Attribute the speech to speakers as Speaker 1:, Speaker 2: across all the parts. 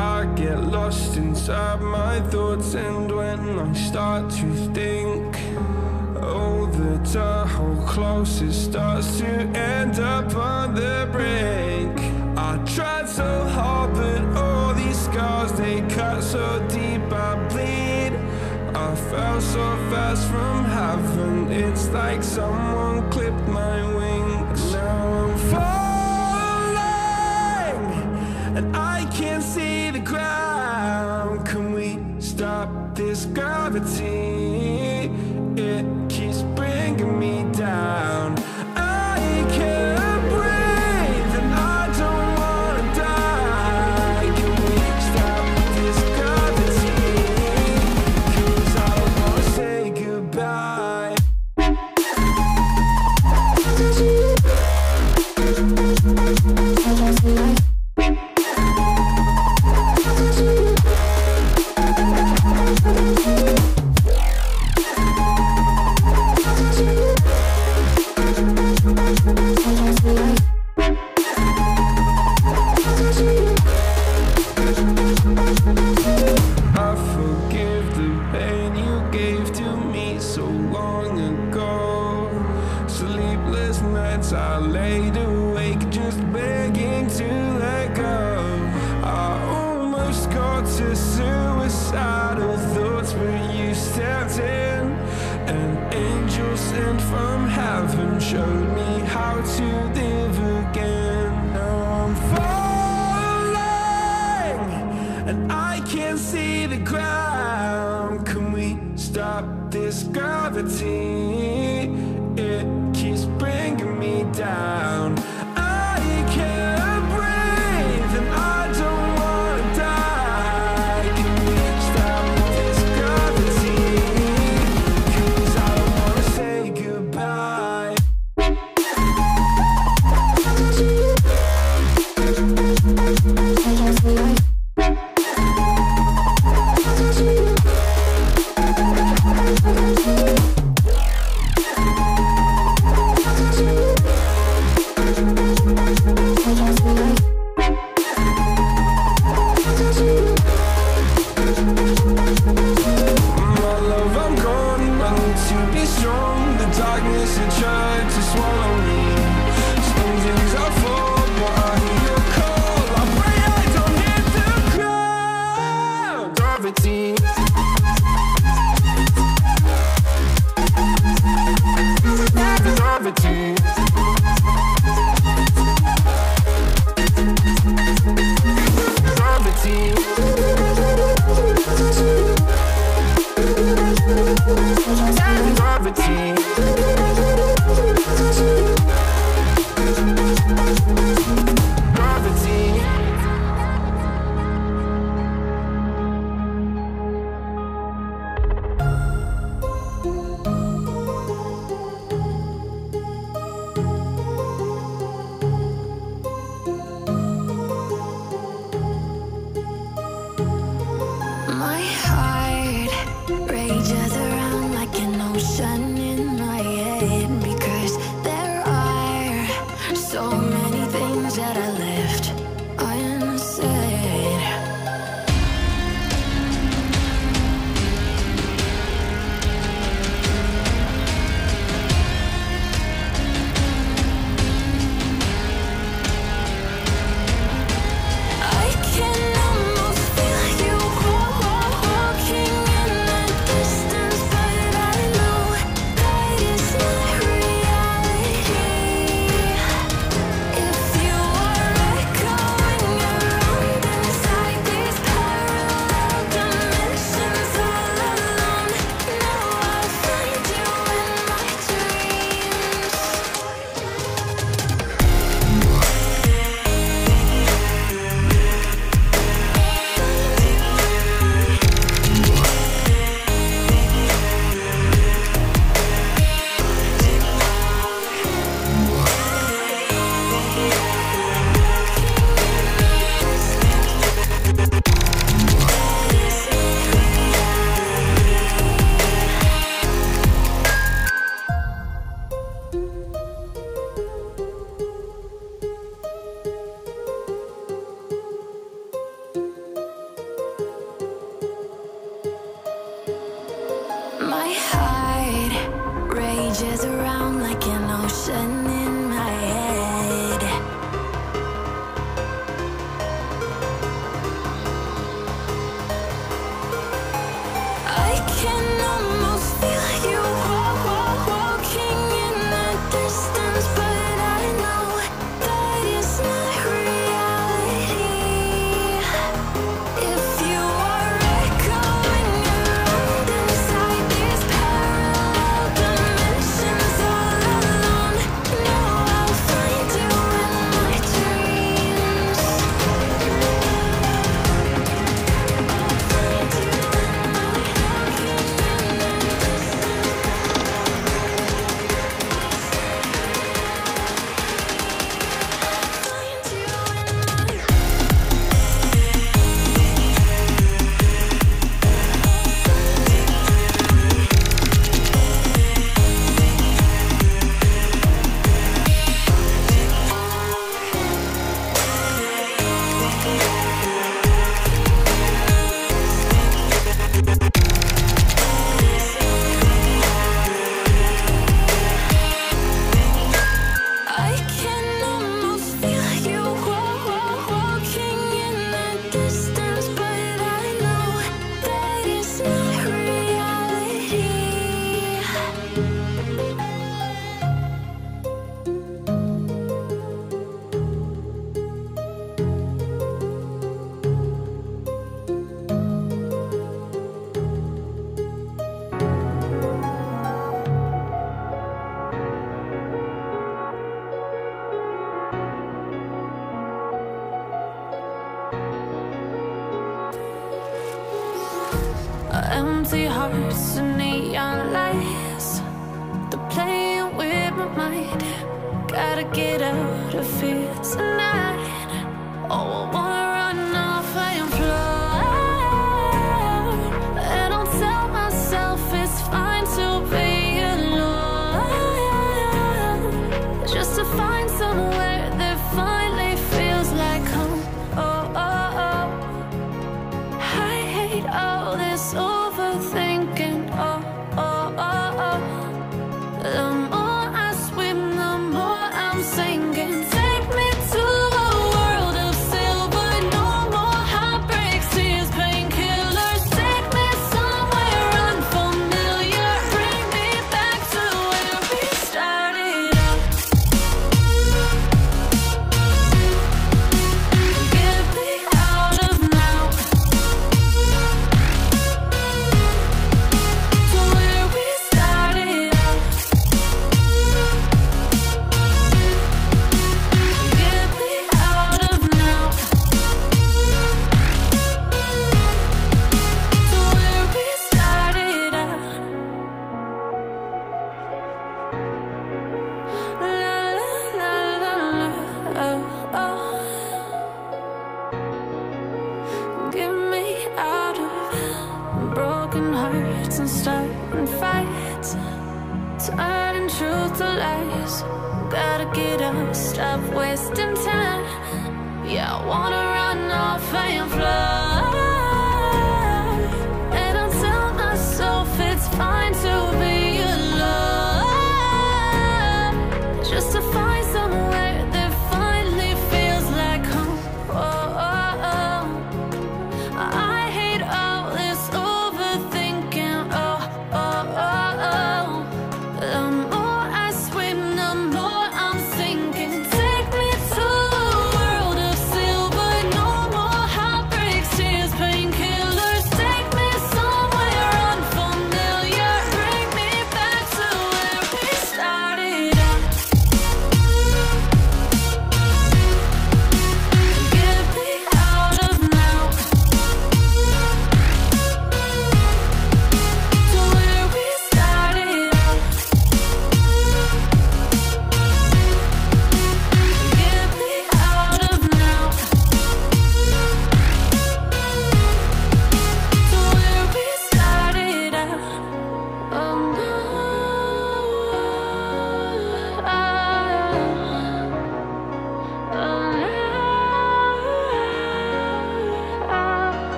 Speaker 1: I get lost inside my thoughts and when I start to think Oh, the close, closest starts to end up on the brink I tried so hard but all these scars they cut so deep I bleed I fell so fast from heaven It's like someone clipped my wings Now I'm falling and I can't see the ground Can we stop this gravity? It keeps bringing me down showed me how to live again. Now I'm falling, and I can't see the ground. Can we stop this gravity? It keeps bringing me down.
Speaker 2: things. Deserve
Speaker 3: 山。stars and neon lights They're playing with my mind Gotta get out of here Wanna run off and fly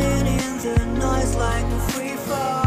Speaker 2: drowning in the noise like a free fall